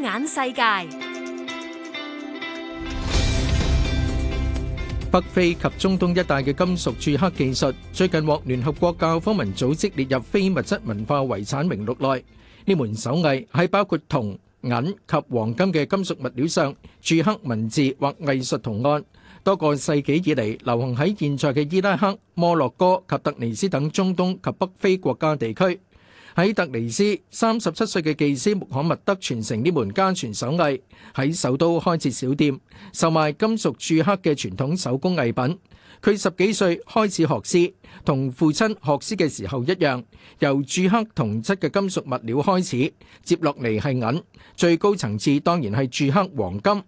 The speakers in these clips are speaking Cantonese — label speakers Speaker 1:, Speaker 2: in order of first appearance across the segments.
Speaker 1: 眼世界，北非及中東一帶嘅金屬鑄刻技術最近獲聯合國教科文組織列入非物質文化遺產名錄內。呢門手藝係包括銅、銀及黃金嘅金屬物料上鑄刻文字或藝術圖案，多個世紀以嚟流行喺現在嘅伊拉克、摩洛哥及突尼斯等中東及北非國家地區。喺突尼斯，三十七歲嘅技師穆罕默德傳承呢門家傳手藝，喺首都開設小店，售賣金屬鑄刻嘅傳統手工藝品。佢十幾歲開始學師，同父親學師嘅時候一樣，由鑄刻銅質嘅金屬物料開始，接落嚟係銀，最高層次當然係鑄刻黃金。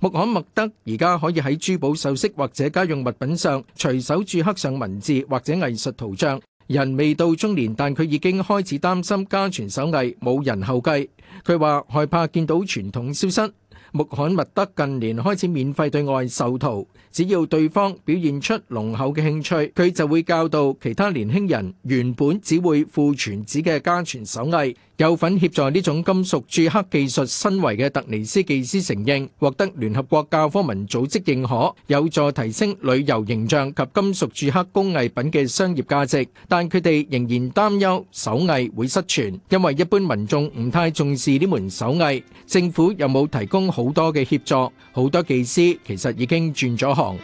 Speaker 1: 穆罕默德而家可以喺珠寶、首飾或者家用物品上，隨手鑄刻上文字或者藝術圖像。人未到中年，但佢已經開始擔心家傳手藝冇人後繼。佢話害怕見到傳統消失。穆罕默德近年開始免費對外授徒，只要對方表現出濃厚嘅興趣，佢就會教導其他年輕人原本只會父傳子嘅家傳手藝。有份協助呢種金屬鑄刻技術申遺嘅突尼斯技師承認，獲得聯合國教科文組織認可，有助提升旅遊形象及金屬鑄刻工藝品嘅商業價值。但佢哋仍然擔憂手藝會失傳，因為一般民眾唔太重視呢門手藝，政府又冇提供。好多嘅協助，好多技師其實已經轉咗行。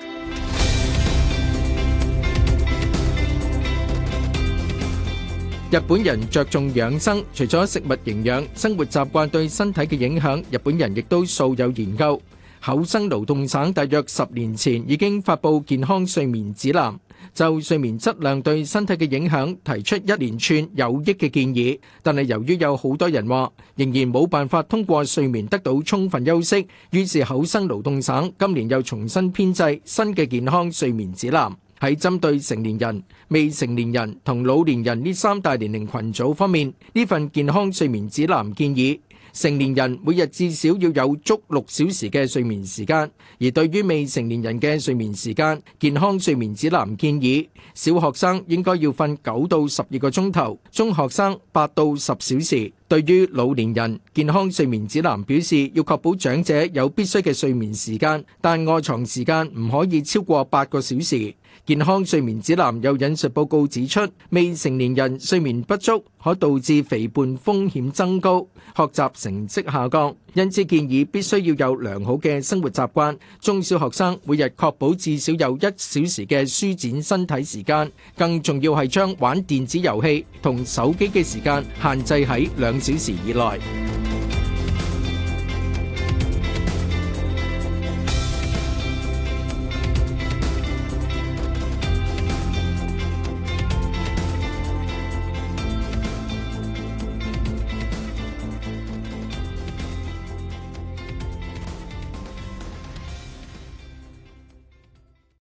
Speaker 1: 日本人着重養生，除咗食物營養、生活習慣對身體嘅影響，日本人亦都素有研究。厚生勞動省大約十年前已經發佈健康睡眠指南。就睡眠質量對身體嘅影響提出一連串有益嘅建議，但係由於有好多人話仍然冇辦法通過睡眠得到充分休息，於是厚生勞動省今年又重新編制新嘅健康睡眠指南。喺針對成年人、未成年人同老年人呢三大年齡群組方面，呢份健康睡眠指南建議，成年人每日至少要有足六小時嘅睡眠時間，而對於未成年人嘅睡眠時間，健康睡眠指南建議，小學生應該要瞓九到十二個鐘頭，中學生八到十小時。對於老年人，健康睡眠指南表示要確保長者有必須嘅睡眠時間，但臥床時間唔可以超過八個小時。健康睡眠指南有引述報告指出，未成年人睡眠不足可導致肥胖風險增高、學習成績下降，因此建議必須要有良好嘅生活習慣。中小學生每日確保至少有一小時嘅舒展身體時間，更重要係將玩電子遊戲同手機嘅時間限制喺兩。五小時以內。